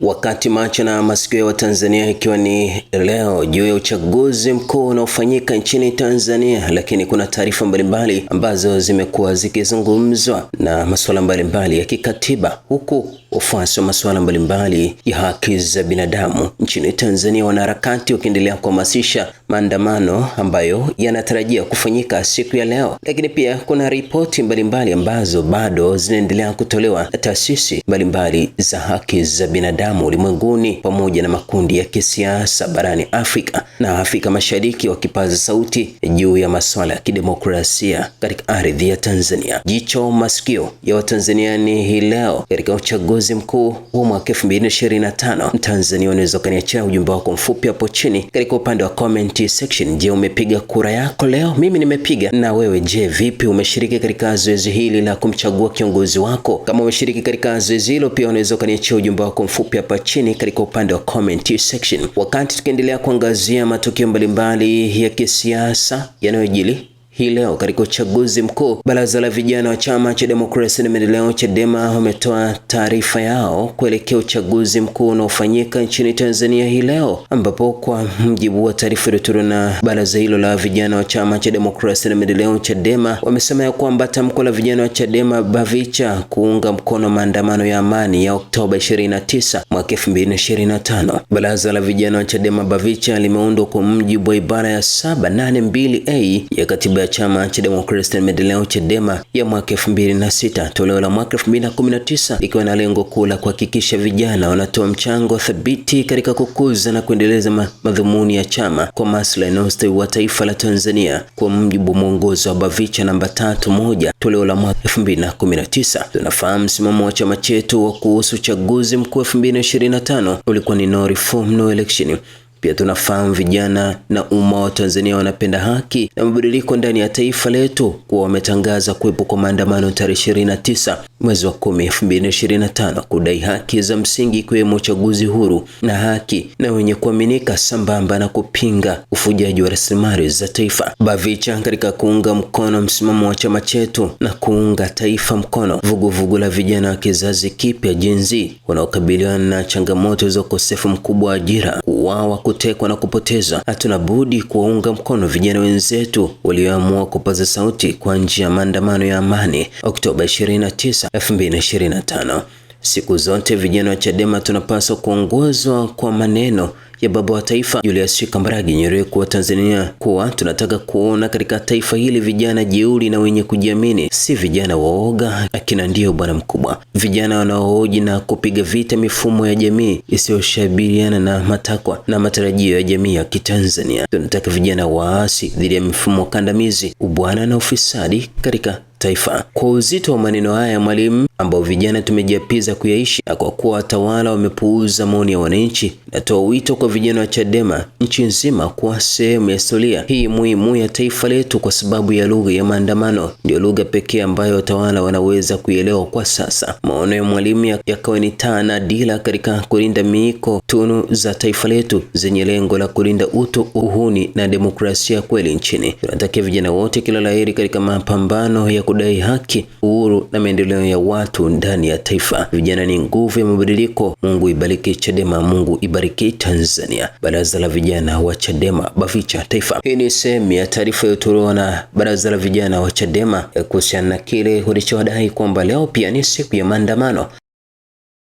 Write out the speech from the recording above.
Wakati macho na masikio ya Watanzania ikiwa ni leo juu ya uchaguzi mkuu unaofanyika nchini Tanzania, lakini kuna taarifa mbalimbali ambazo zimekuwa zikizungumzwa na masuala mbalimbali ya kikatiba, huku wafuasi wa masuala mbalimbali ya haki za binadamu nchini Tanzania, wanaharakati wakiendelea kuhamasisha maandamano ambayo yanatarajia kufanyika siku ya leo. Lakini pia kuna ripoti mbalimbali ambazo bado zinaendelea kutolewa na taasisi mbalimbali za haki za binadamu ulimwenguni pamoja na makundi ya kisiasa barani Afrika na Afrika Mashariki, wakipaza sauti juu ya masuala ya kidemokrasia katika ardhi ya Tanzania. Jicho masikio ya Watanzaniani hii leo katika uchaguzi uchaguzi mkuu wa mwaka 2025. Mtanzania, unaweza ukaniachia ujumbe wako mfupi hapo chini katika upande wa comment section. Je, umepiga kura yako leo? Mimi nimepiga, na wewe je, vipi? Umeshiriki katika zoezi hili la kumchagua kiongozi wako? Kama umeshiriki katika zoezi hilo, pia unaweza ukaniachia ujumbe wako mfupi hapa chini katika upande wa comment section. Wakati tukiendelea kuangazia matukio mbalimbali ya kisiasa yanayojili hii leo katika uchaguzi mkuu, baraza la vijana wa chama cha demokrasia na maendeleo Chadema wametoa taarifa yao kuelekea uchaguzi mkuu unaofanyika nchini Tanzania hii leo, ambapo kwa mjibu wa taarifa iliyotolewa na baraza hilo la vijana wa chama cha demokrasia na maendeleo Chadema, wamesema ya kwamba tamko la vijana wa Chadema Bavicha kuunga mkono maandamano ya amani ya Oktoba 29 mwaka 2025. Baraza la vijana wa Chadema Bavicha limeundwa kwa mjibu wa ibara ya 782 a ya katiba katiba ya chama cha demokrasia na maendeleo Chadema ya mwaka sita toleo la mwaka 2019 ikiwa na lengo kuu la kuhakikisha vijana wanatoa mchango thabiti katika kukuza na kuendeleza ma madhumuni ya chama kwa maslahi na ustawi wa taifa la Tanzania kwa mujibu mwongozo wa BAVICHA namba tatu moja toleo la mwaka 2019. Tunafahamu msimamo wa chama chetu wa kuhusu uchaguzi mkuu 2025 ulikuwa ni no reform no election. Pia tunafahamu vijana na umma wa Tanzania wanapenda haki na mabadiliko ndani ya taifa letu kuwa wametangaza kuwepo kwa maandamano tarehe 29 mwezi wa 10 2025 kudai haki za msingi ikiwemo uchaguzi huru na haki na wenye kuaminika sambamba na kupinga ufujaji wa rasilimali za taifa. Bavicha katika kuunga mkono msimamo wa chama chetu na kuunga taifa mkono vuguvugu vugu la vijana wa kizazi kipya jinzi Z wanaokabiliwa na changamoto za ukosefu mkubwa wa ajira kuuawa, kutekwa na kupoteza, hatuna budi kuwaunga mkono vijana wenzetu walioamua kupaza sauti kwa njia ya maandamano ya amani Oktoba 29, 2025. Siku zote vijana wa Chadema tunapaswa kuongozwa kwa maneno ya baba wa taifa Julius Kambarage Nyerere kuwa Tanzania kuwa tunataka kuona katika taifa hili vijana jeuri na wenye kujiamini, si vijana waoga akina ndio bwana mkubwa, vijana wanaohoji na kupiga vita mifumo ya jamii isiyoshabiliana na matakwa na matarajio ya jamii ya Kitanzania. Tunataka vijana waasi dhidi ya mifumo kandamizi, ubwana na ufisadi katika taifa. Kwa uzito wa maneno haya, Mwalimu ambao vijana tumejiapiza kuyaishi na kwa kuwa watawala wamepuuza maoni ya wananchi. Natoa wito kwa vijana wa Chadema nchi nzima kuwa sehemu ya historia hii muhimu ya taifa letu, kwa sababu ya lugha ya maandamano ndio lugha pekee ambayo watawala wanaweza kuielewa kwa sasa. Maono ya Mwalimu yakawa ni taa na dira katika kulinda miiko tunu za taifa letu zenye lengo la kulinda utu, uhuni na demokrasia kweli nchini. Tunatakia vijana wote kila laheri katika mapambano ya kudai haki, uhuru na maendeleo ya watu watu ndani ya taifa. Vijana ni nguvu ya mabadiliko. Mungu ibariki Chadema, Mungu ibariki Tanzania. Baraza la vijana wa Chadema Bavicha Taifa. Hii ni sehemu ya taarifa iliyotolewa na baraza la vijana wa Chadema kuhusiana na kile walichodai kwamba leo pia ni siku ya maandamano.